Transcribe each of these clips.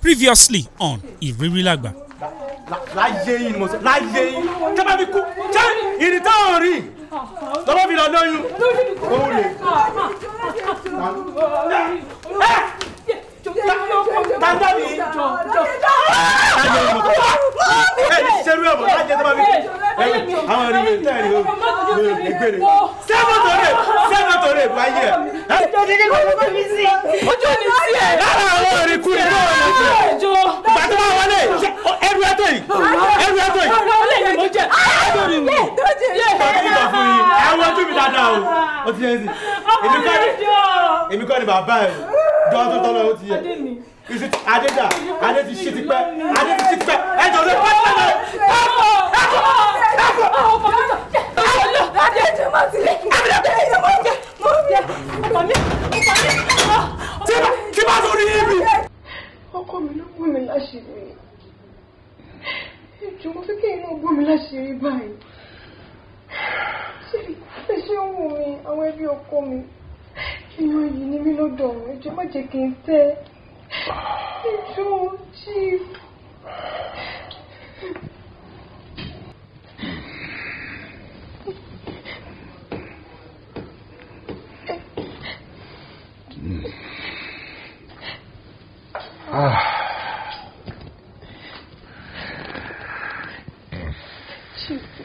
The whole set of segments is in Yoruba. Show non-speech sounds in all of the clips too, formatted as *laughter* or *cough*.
previously on ìrírí làgbà. láyé yín mo sọ láyé yín tó bá fi kú ṣé ìrìntàn ò rí fi lọ lóyún ó lè. tàǹtà mi tàǹtà mi ṣerú ẹ mọ láyé tó bá fi kú àwọn ọ̀rẹ́ mi tẹ̀lé o ìgbèrè sẹ́fọ̀ tó rè sẹ́fọ̀ tó rè bá yẹ. ojú ni sí ẹ. lára àwọn ọ̀rẹ́ kú ni bọ́ọ̀ ni jẹ ìgbà tó máa wọlé ẹrú ẹtọ yìí ẹrú ẹtọ yìí. ọ̀rọ̀ ọ̀lẹ́ yẹn ló jẹ ẹ̀ẹ́dọ̀ ni mo. bàbá mi fún yín àwọn ojú mi dáadáa o ó ti yẹn sì. èmi kọ́ ni bàbá ẹ̀ jọ́ tó tọ́lọ́ ó ti yẹ. adé ti ṣe ti pẹ́ adé ti ṣe ti pẹ́ ẹ̀jọ̀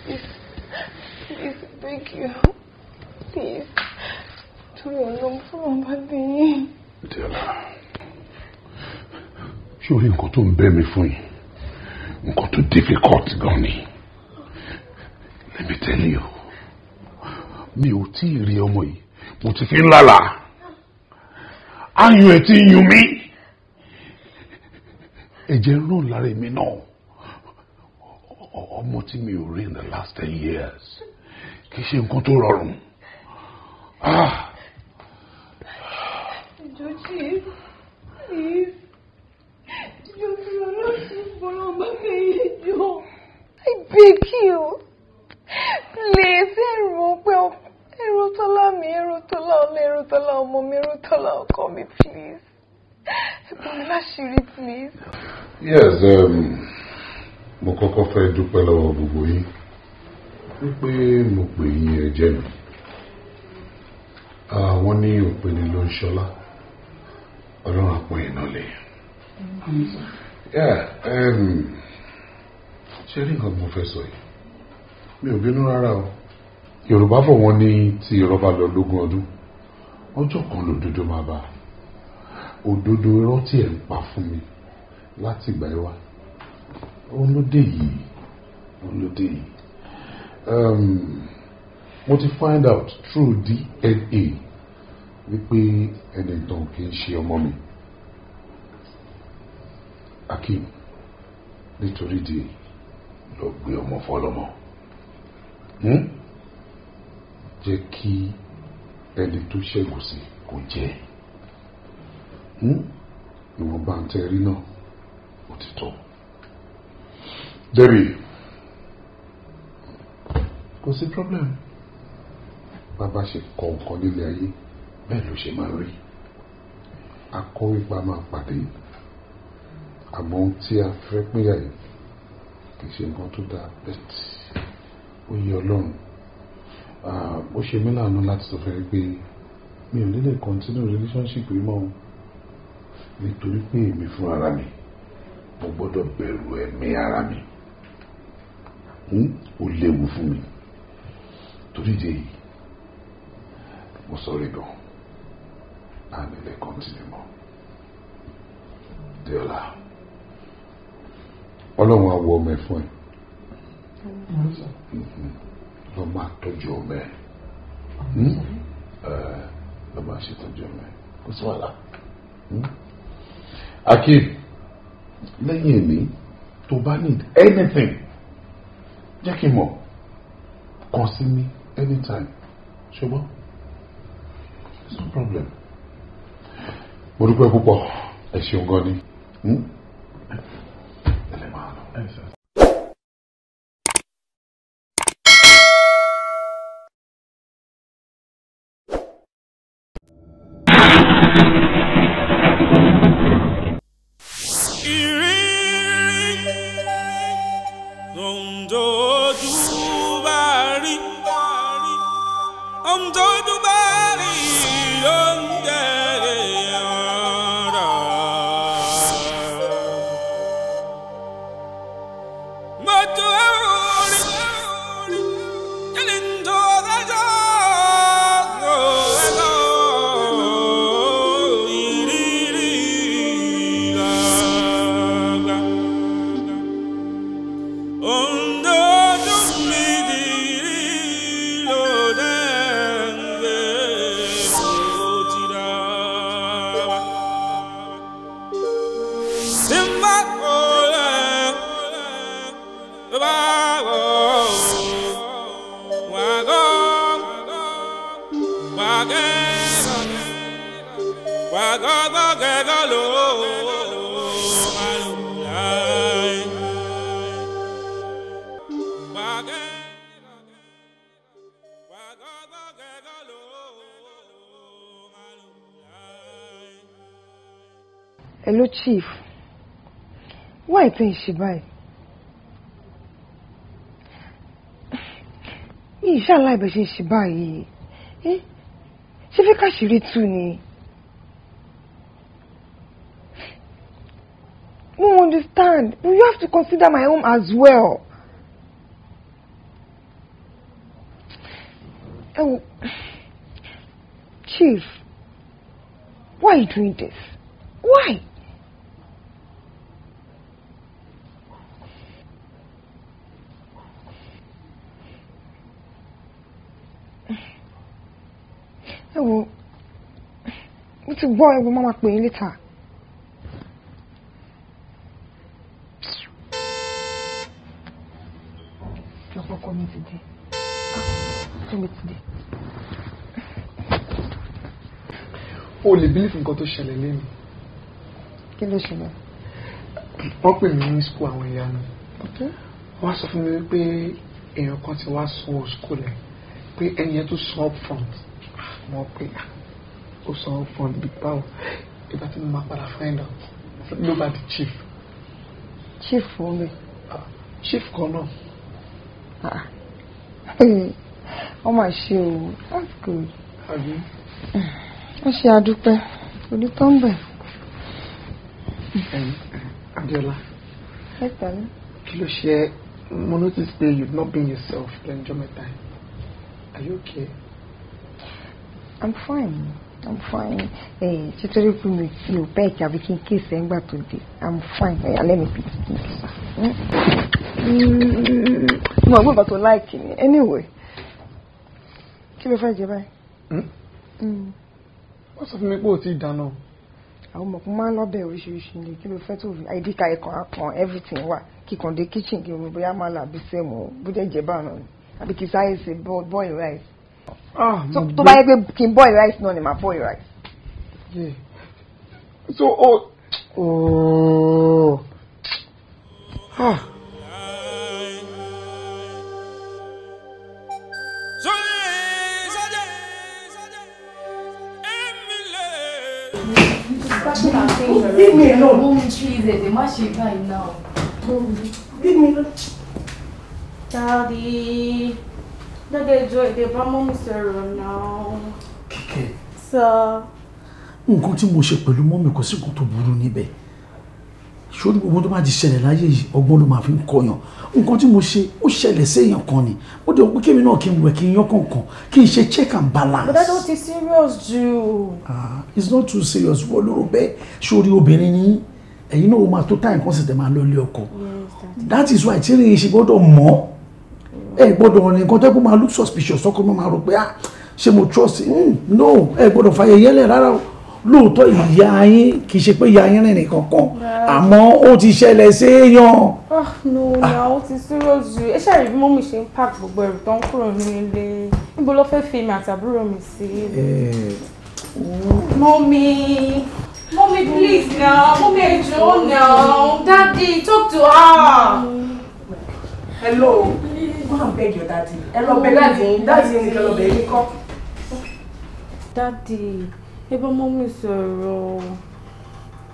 Please, please, thank you. Please. Torí ọlọ́run fún ọba lẹ́yìn. Diola, ṣé orí nǹkan tó ń bẹ́ mi fún yìí? Nǹkan tó difficult gan ni. Let me tell you, mi ò tí ì rí ọmọ yìí, mo ti fi ń lálàá. Ayùn ẹ̀ ti yùn mí. Ẹ̀jẹ̀ ń ràn lára èmi náà ọmọ tí mi ò rí in the last ten years kì í ṣe nǹkan tó rọrùn. Ah. ìjọ tí ìjọ tí ọlọ́sìn fọlọ́ bá fẹ́ yé jọ. I beg you please ẹ̀rọ pé ẹ̀rọ tọ́lá mi ẹ̀rọ tọ́lá ọlọ́ ẹ̀rọ tọ́lá ọmọ mi ẹ̀rọ tọ́lá ọkọ mi please ẹ̀bùn mi láṣìírí please. yes. Um mo kọ́kọ́ fẹ́ dúpẹ́ lọ́wọ́ gbogbo yín wípé mo pè yín ẹ̀jẹ̀ mi àwọn ah, ní òpinnu ló ń ṣọlá ọlọ́run àpọ̀ iná lè um, ṣe rí nǹkan mo fẹ́ sọ yìí mi ò bínú rárá o yorùbá fọ̀ wọ́n ní tí irọ́ bá lọ lógún ọdún ọjọ́ kan lòdodo máa bá òdodo irọ́ tí ẹ̀ ń pa fún mi láti ìgbà yìí wá òun ló dé yìí òun ló dé yìí um, mo ti find out through DNA wípé ẹnìtàn kì í ṣe ọmọ mi Akeem nítorí di lọ gbé ọmọ fọlọmọ hmm? jẹ́ kí ẹni tó ṣẹ́gun sí kò jẹ́ hmm? ìwọ̀nba ń tẹ́ rí náà ó ti tọ́ débi. kò sí problem bàbá ṣe kọ nǹkan nílé ayé bẹ́ẹ̀ ló ṣe máa rí akọ̀wé pa máa pàdé àmọ́ tí a fẹ́ pínyà yìí kì í ṣe nǹkan tó dáa bẹ́ẹ̀ ó yẹ ọlọ́run ó ṣe mí láàánú láti sọ fẹ́ pé mi ò ní lè continue relationship yìí mọ́ nítorí pé èmi fún ara mi mo gbọ́dọ̀ bẹ̀rù ẹ̀mí ara mi ó léwu fún mi torí ìdí èyí mo sọrí gan a nílé kọ́ńtínú mọ́ Déọlá ọlọ́run àwọ̀ ọmọ ẹ̀ fún ẹ lọ máa tọ́jú ọmọ ẹ lọ máa ṣètọ́jú ọmọ ẹ kò sí wàhálà hmm? Akeem lẹ́yìn èmi tó bá need anything jẹ́ kí n mọ̀ kàn sí mi anytime ṣùgbọ́n it's no problem mo dúpẹ́ púpọ̀ ẹ ṣeun gan ni hmm? ẹ lè máa lọ. Thank you. Oh. pẹ̀lú chief You tẹ́ lie báyìí she ìṣàláìbẹ̀ ṣe ìṣe báyìí ṣé fẹ́ káṣírí tú ni no understand you have to consider my home as well Oh, chief why are you doing this why. ẹ wo mo ti gbọ́ ẹ wo máa pè é létà. lọ́pọ̀kọ́ mi ti dé ọ̀pọ̀ ah, mi ti dé. o lè bílífù nǹkan tó ṣẹlẹ̀ lẹ́nu. kí ló ṣẹlẹ̀. wọ́n pè mí ní sukùl àwọn ìyá mi. wọ́n sọ fún mi wípé èèyàn kan ti wá sọ school ẹ̀ pé ẹni yẹn tó sọ up front mọ̀ pé ó sọ fún mi báwo ìgbà tí mo máa padà find out ló bá di chief. chief fún Ah, chief kan Ah, wọ́n máa ṣe o that's good. wọ́n ṣe àdúpẹ́ onítọ́ǹbẹ̀. Adiola. Yes, darling. Kí ló ṣe mo notice pé you've not been yourself my time. Are you okay? I'm fine. I'm fine. Eh, títorí pé mi mi ò bẹ́ẹ̀ tàbí kí n kéèsì ẹ̀ ń gbà tó dé. I'm fine. Ẹ̀yà lẹ́nu hmm? hmm. pé kí n sà. Mo àgbọ̀ bàtò láìkì ni. Anyway, kí ló fẹ́ jẹ báyìí? Hmm? Wọ́n sọ fún mi pé o ti dáná. Àwọn ọmọ kan máa ń lọ́bẹ̀ oríṣiríṣi ni kí ló fẹ́ tó fi ID card ẹ̀kan àpọ̀n everything wà kíkan dé kitchen kí omi bóyá máa là bí sẹ́mu bó jẹ́ jẹ́ báwọn ni àbí kì í sáyé sí boil rice. Ah, tó bá yẹ pé kí n boil rice náà ni màá boil rice. so oh Oh. Oh. Leave me alone. Leave me alone. Daddy. Dede Joy, they bá mọ́mú sọ̀rọ̀ náà. Kíkẹ́. Sọ. Nǹkan tí mo ṣe pẹ̀lú mọ́mí kò sí nǹkan tó burú níbẹ̀. Ṣórí gbogbo tó bá ti ṣẹlẹ̀ láyé yìí, ọgbọ́n ló máa fi ń kọyàn. Nǹkan tí mo ṣe, ó ṣẹlẹ̀ séèyàn kan ni. Ó dẹ̀ pé kémi náà kí n wẹ̀ kí n yán kọ̀ọ̀kan, kí n ṣe check and balance. Bọ́dá tó ti serious jù. Ah, it's not too serious. Wọ́n lóró bẹ́ẹ̀. Ṣórí obìnrin ni ẹ̀yin náà ó máa tó táyà kan sì tẹ̀ máa lọ ilé ọkọ. That is why tí ìrìn ìṣe gbọ́dọ̀ mọ́ ẹ gbọ́dọ̀ ọ̀rìn nǹkan tẹ́kùn máa look suspicious ọkọ mi máa rò pé ah ṣé mo trust hmm, no ẹ gbọ́dọ̀ fàyè yẹlẹ̀ rárá o lóòótọ́ ìyá yín kì í ṣe pé ìyá yín rìn nìkan kan àmọ́ ó ti ṣẹlẹ̀ séèyàn. Ah, no na ah. ó ti serious jù ẹ ṣàrí bí mọ́mí ṣe ń pack gbogbo ẹrù tó ń kúrò ní ilé níbo ló fẹ́ fi mi àtàbúrò mi sí. mọ́mí mọ́mí please now mọ́mí ẹ jọ̀ọ́ now daddy talk to her. hello. please go and beg your daddy ẹ lọ oh, bẹ daddy daddy nìkan lọ bẹ yín kọ́. daddy ẹ bá mọ́ mi sọ̀rọ̀.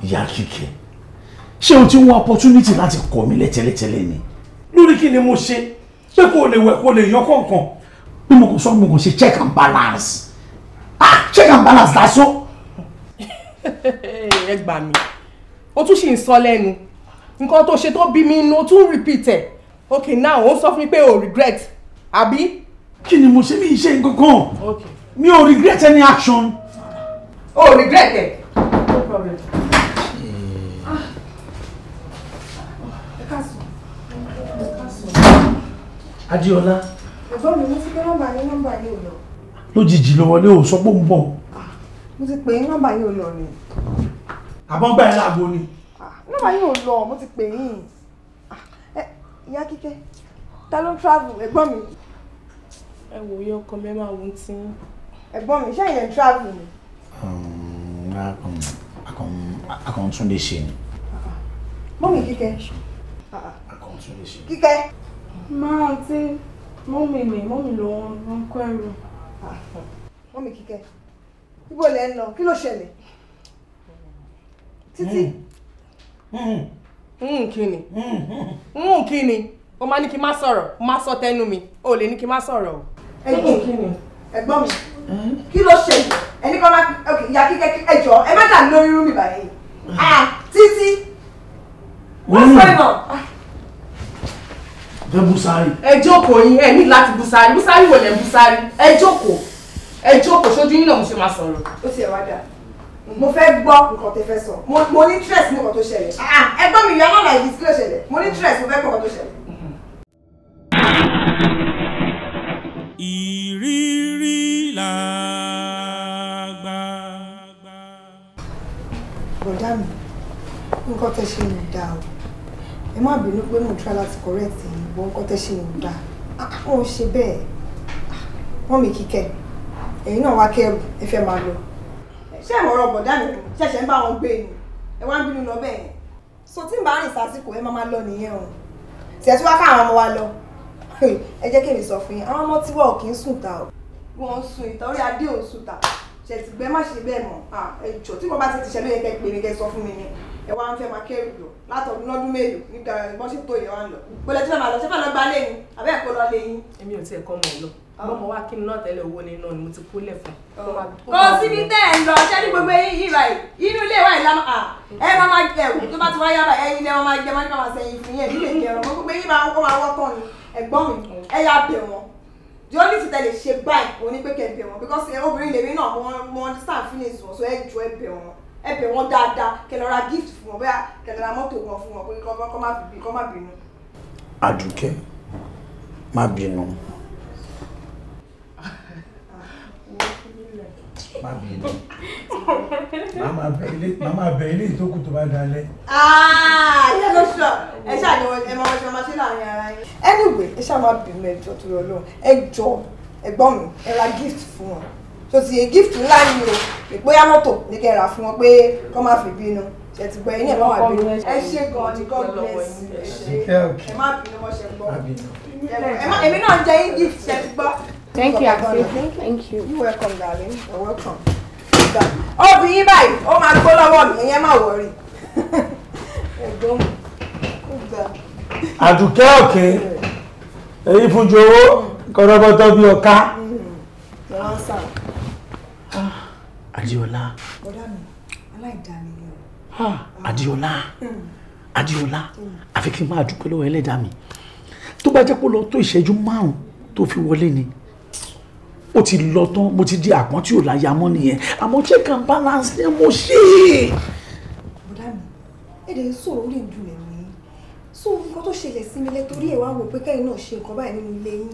ìyá kíkẹ́ ṣé o ti ń opportunity láti kọ́ mi lẹ́tẹ̀lẹ́tẹ̀lẹ́ ni lórí kí ni mo ṣe ṣé kò lè wẹ̀ kò lè yọ kọ̀ọ̀kan bí mo kò sọ mo kò ṣe check and balance ah check and balance lásán. ẹ gbà mí o tún ṣì ń sọ lẹ́nu nǹkan tó ṣe tó bí mi inú o tún repeat ẹ̀ ok now ó sọ fún mi pé o regret àbí. kí ni mo ṣe mí ṣe nǹkan kan mi ò regret any action. o oh, regret ẹ no problem. Ah. Adéọlá. ẹ̀gbọ́n mi mo ti pé nọ́mbà yín nọ́mbà yín ò lọ. lójijì ló wọlé ò sọ pé ó ń bọ̀. Ah, mo ti pè é nọ́mbà yín ò lọ ni. àbọ̀ gbà ẹ́ láago ni. Ah, nọ́mbà yín ò lọ mo ti pè yín ìyá kíkẹ́ ta ló travel ẹ̀gbọ́n mi. ẹ wò ó yọ ọkọ mi ẹ máa wo ti ń. ẹ̀gbọ́n mi ṣé ìyẹn travel ni. Um, akọ̀ntúndé ṣe ni. mọ́mì kíkẹ́. akọ̀ntúndé ṣe. kíkẹ́. máa ti mọ́mì mi mọ́mì ló ń kọ́ ẹ̀rù. mọ́mì kíkẹ́ ibo lẹ ń lọ kí ló ṣẹlẹ̀ títí. Hmm. Hmm ń hmm, Kini. ń hmm, kíni o máa ní kí n má sọ̀rọ̀ má sọ tẹnu mi o lè ní kí n má sọ̀rọ̀ o. ẹ̀gbọ́n kíni ẹ̀gbọ́n mi kí ló ṣe ẹni kan máa ìyá kíkẹ́ ẹ jọ ẹ má dà lórí irú mi báyìí títí wọ́n sọ ìmọ̀ jẹ́ busari. ẹ jókòó yín ẹ ní láti busari busari wò lẹ́ busari ẹ jókòó ẹ jókòó sójú yín náà mo ṣe máa sọ̀rọ̀. ó ti ẹ̀ wá dáa mo fẹ́ gbọ́ nǹkan tó fẹ́ sọ mo ní stress ní nǹkan tó ṣẹlẹ̀ ah, ah, ẹgbọ́n mi yọ ọlọ́lá ìdí sílẹ̀ ṣẹlẹ̀ mo ní stress mo fẹ́ gbọ́ tó ṣẹlẹ̀. ìrírí làgbà. bọ̀dá mi nǹkan tẹ́ ṣe ń dá o ẹ má bínú pé mo try láti correct yìí bọ́ nǹkan tẹ́ ṣe ah, ń dá wọn ò ṣe bẹ́ẹ̀ wọ́n mi kíkẹ́ ẹ̀yin náà wá kẹ́rù ẹ fẹ́ máa lọ ṣé ẹ̀wọ̀n ọ̀rọ̀ bọ̀dá mi ṣẹ̀ṣẹ̀ ń bá wọn gbé ni ẹ wá ń bínú lọ bẹ́ẹ̀ so tí n bá rìn sásìkò ẹ máa máa lọ nìyẹn o tiẹ̀ tí wá ká àwọn ọmọ wa lọ *laughs* ẹ jẹ́ kí mi sọ fún yín àwọn ọmọ tí wọ́n kì í sùn ta o wọ́n sùn ìtọ́rí adé ò sùn ta ṣètìgbẹ́ má ṣe bẹ́ẹ̀ mọ̀ ẹjọ́ tí mo bá ti ti ṣe ló yẹ kẹ́ ẹ wá ń fẹ́ máa kẹ́rù lọ látọ̀dún lọ́dún mélòó nígbà eh, bọ́n ṣe tó wá ń lọ gbọ́dọ̀ tí wọ́n máa lọ ṣé lọ gba lẹ́yìn àbẹ́ẹ̀kọ́ lọ lẹ́yìn. èmi ò tiẹ̀ kọ́ mọ̀ ọ́ lọ ọmọ wa kí ni náà tẹ́lẹ̀ owó ni náà ni mo ti kó lẹ̀ fún. Oh. kò síbi tẹ́ ẹ̀ ń lọ ṣẹ́ ní gbogbo yín báyìí inú ilé wa ìlànà à ẹ máa máa jẹ ẹ̀wù tó bá ti wá yára ẹyin lẹ́wọ̀n máa jẹ máa nípa máa sẹ́yìn fún yẹn nílé ìjẹun mo gbogbo yín máa wọ́n máa wọ́pọ̀ ni ẹ̀gbọ́n mi ẹ yá bẹ̀ wọ́n the only thing tẹ́lẹ̀ ṣe báyìí òun ni pé kẹ́ bẹ̀ wọ́n because eh, obìnrin lèmi náà mo understand feelings wọn so ẹ jọ ẹ bẹ̀ wọ́n ẹ bẹ̀ wọ́n dáadáa kẹ́ lọ ra gift má bínú *laughs* màmá bẹ ilé màmá bẹ ilé ìtókù tó bá dalẹ̀. Ah, sọ ẹ ṣáà ni ẹ máa ṣe máa ṣe láàrin ara yín. anyway ẹ ṣáà máa bínú ẹjọ́ tó lọ lóhùn ẹjọ́ ẹ̀gbọ́n mi ẹ ra gift fún wọn tó ti yẹ gift ńlá ni o ìpóyà mọ́tò ní kẹ́ ra fún wọn pé kọ́ má fi bínú ṣe ti gbọ́ ẹ̀yin ẹ̀ bá wà bínú. ẹ ṣe gan ni god bless ẹ ṣe ẹ má bínú wọ́n ṣe gbọ́ èmi náà jẹ́ yín gift ṣe ti gbọ́. Thank you, Auntie. Thank you. You're welcome, darling. You're welcome. Oh, be ó máa gbó lọ́wọ́ mi, ìyẹn máa wọ̀rí. Ẹ̀gbọ́n mi, ó gbà. Àdùkẹ́ òkè, èyí fún ju owó, kọ́rọ́bọ́tọ́ bí ọká. Mm-hmm. Adiola. Bọ́dá mi, Adiola. Adiola. Adiola. Àfi kí n máa dúpẹ́ lọ́wọ́ ẹlẹ́dàá mi. Tó bá jẹ́ pé ó lọ tó ìṣẹ́jú márùn-ún tó fi wọlé ni ó ti lọ tán mo ti di àpọ́n tí ò láya mọ́ nìyẹn àmọ́ check and balance ni mo ṣe. bùdá mi èdè sọ̀rọ̀ orí ìdùn rẹ̀ mi so nǹkan tó ṣẹlẹ̀ sí mi lẹ torí ẹ̀ wá wò pé kẹ́yìn náà ṣe nǹkan báyìí nínú ilé yín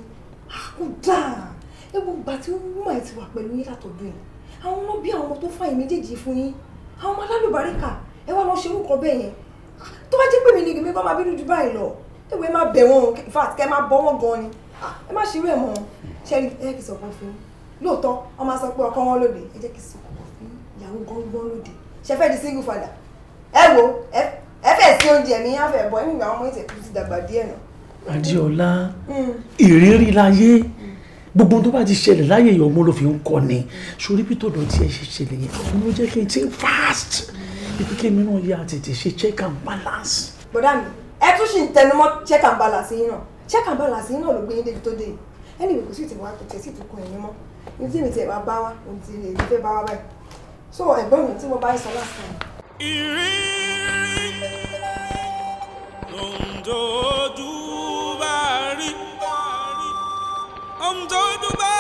ah, kò dáa ẹ wo ìgbà tí wúmọ̀ ẹ̀ ti wà pẹ̀lú yín látọ̀dún yìí àwọn ọmọ bí àwọn ọmọ tó fàyè méjèèjì fún yín àwọn ọmọ alálùbáríkà ẹ wá lọ ṣe orúkọ bẹ́ẹ̀ yẹn tó bá jẹ́ pé mi ni èmi bá máa bínú ju báyìí lọ ẹ ẹ má bẹ̀ wọ́n in fact kẹ́ máa bọ́ wọ́n gan ni Ah, ẹ má ṣe irú ẹ̀ mọ́ ṣe ẹ jẹ́ kí n sọ fún fún lóòótọ́ ọmọ sọ pé ọkọ wọn lòdì ẹ jẹ́ kí n sọ fún fún ìyàwó gángan lòdì ṣe fẹ́ di single father ẹ wo ẹ fẹ́ sí oúnjẹ mi á fẹ́ bọ́ nígbà ọmọ ìtẹ̀kù ti dàgbà díẹ̀ náà. adiola hmm. ìrírí láyé hmm. gbogbo tó bá ti ṣẹlẹ̀ láyé ìyá ọmọ ló fi ń kọ́ ni sórí bí tọ̀dọ̀ tí ẹ ṣe ṣẹlẹ̀ yẹn ọmọ ló jẹ́ kí n ti fast hmm. ibi kí mi náà yá tètè ṣe check and balance. bọ̀dá mi ẹ tún ṣì ń tẹnumọ́ check and balance yín náà check and balance yín náà ló gbé yín tó dé yìí anyway kò sí ti wá kò tẹ̀ sí ìtúkùn ẹ̀yìn mọ́ ní tí mi ti bá wá ní ti èyí fẹ́ bá wá báyìí so ẹ̀gbọ́n mi tí mo bá sọ last time. ìrírí ohun tó dùn bá rí ohun tó dùn bá rí.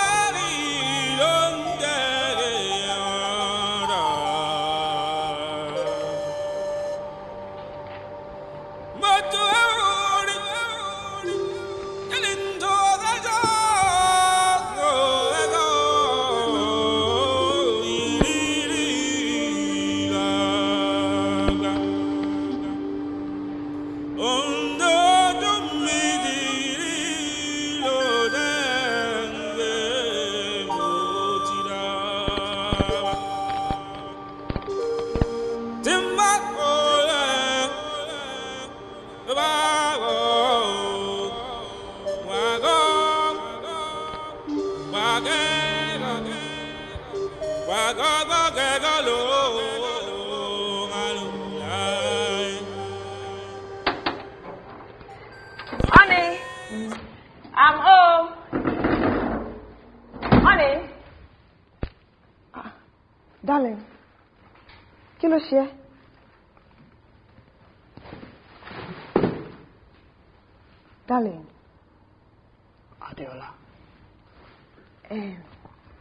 Ee,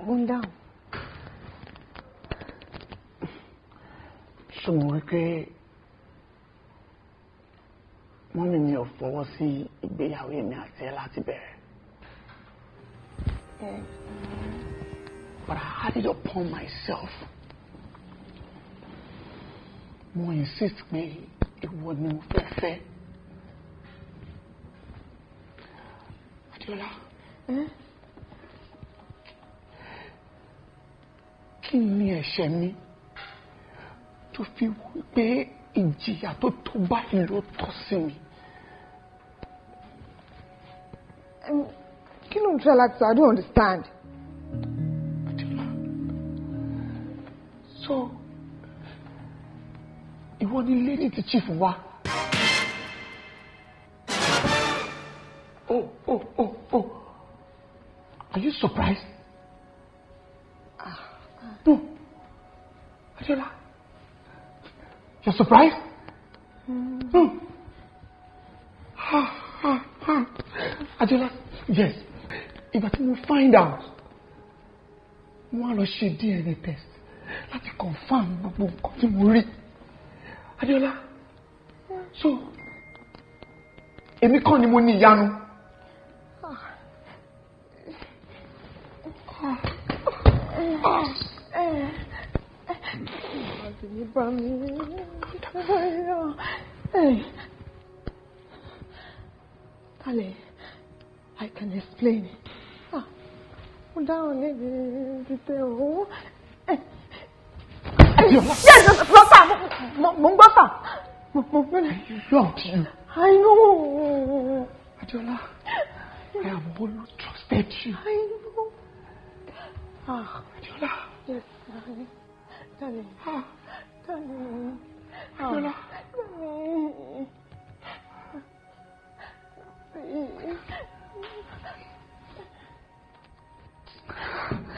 bundan. Ṣùgbọ́n pé mọ́mí mi ò fọwọ́ sí ìgbéyàwó èmi àti ẹ láti bẹ̀rẹ̀. Eh, But I had it upon myself. Mo insist pé ìwọ ni mo fẹ́ fẹ́. Eh? Adéọlá. Mm-hmm. kí ni ẹ̀ṣẹ̀ mi tó fi wípé ìjìyà tó tó báyìí ló tọ́ sí mi. kí ló ń tẹ́ láti I don't understand. so ìwọ ni lady ti chief wa. oh oh oh oh are you surprised. You're surprised? Mm. Mm. Ah, *sighs* ah, ah. Adiola, yes. We tí find out, mo wá lọ ṣe DNA test láti confirm gbogbo worry. tí so èmi kàn ni mo ni ìyanu. Ah. Ah. Ah. 你把你哎呀，哎，Ali, I can explain it. Ah, down oh, detail. Yes, Rasta, I know. Adiola, I have always trusted you. I know. Ah, Adiola. Yes, darling. Darling. Ah. I'm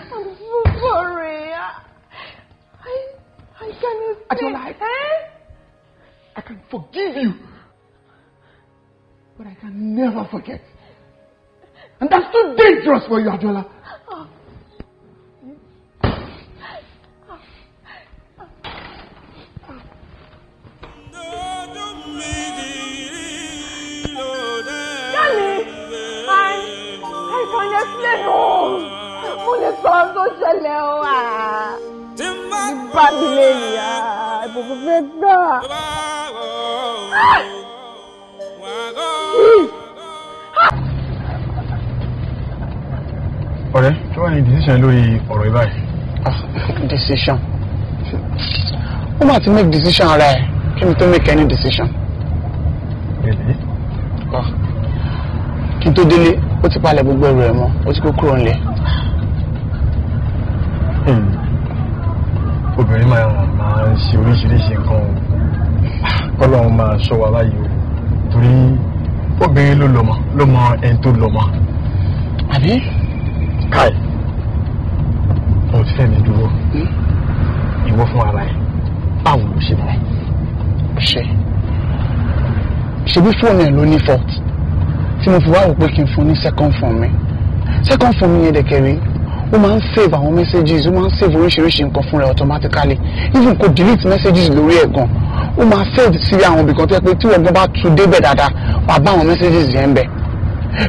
so sorry. I, I can I can forgive you. But I can never forget. And that's too dangerous for you, Adiola. nù mo lè sọ ohun tó ṣẹlẹ̀ o à nípa mi lè ìbùkún fẹ́ gbà. ọ̀rẹ́ kí wàá ní decision lórí ọ̀rọ̀ yìí ah, decision ó máa ti make decision ara ẹ kí mi tó make any decision. Ah, kí n tó délé ó ti palẹ̀ gbogbo ẹrù ẹ̀ mọ́ ó ti kó kúrò ńlẹ̀. Hmm. obìnrin máa ń máa ń ṣe oríṣiríṣi nǹkan o kọ́lọ́run máa ṣọ́ wa láyé o torí obìnrin ló lọ́mọ ló mọ ẹni tó lọ́mọ. àbí. káì mo ti fẹ́ mi dúró hmm. ìwọ fún ara ẹ báwo ló ṣe mọ́. ṣe ṣe bí fóònù ẹ ló ní fọ́ tí mo fi wá wò pé kí n fún ní second form mi second form mi yẹn dẹ̀kẹ̀rẹ̀ ó máa ń save àwọn messages ó máa ń save oríṣiríṣi nǹkan fúnra ẹ̀ automatically even kò delete messages lórí ẹ̀ gan ó máa save sí àwọn ibìkan tó yẹ pé tí ọgbọ́n bá tu débẹ̀ dáadáa wà bá àwọn messages yẹn ń bẹ̀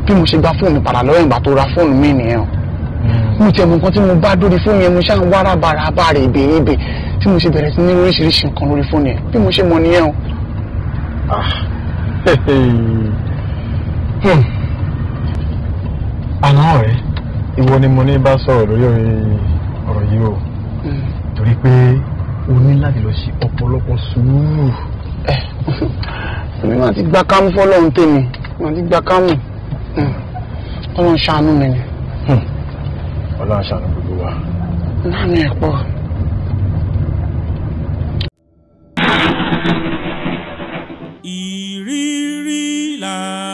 bí mo ṣe gba fóònù mi padà lọ́wọ́ ìgbà tó ra fóònù mi nìyẹn o hmm. mo tiẹ̀ mọ nǹkan tí mo bá dórí fóònù yẹn mo ṣáà ń wára bàrà bàrà èbè èbè tí mo ṣe bẹ̀rẹ̀ sí ní oríṣiríṣi nǹkan lórí fóònù yẹn bí mo ṣe mọ nìyẹn o. Ah. Hmm. àná ọ̀rẹ́ ìwọ ni mo ní bá sọ̀rọ̀ lórí ọ̀rọ̀ yìí o hmm. torí pé o ní láti lọ sí ọ̀pọ̀lọpọ̀ sùúrù. Eh. èmi máa ti gbá kámú fọlọ́run tèmi máa ti gbá kámú hmm. ọlọ́run ṣàánú mi ni. ọlọ́run ṣàánú gbogbo wa. náà mi ẹ̀ pọ̀. ìrírí làá.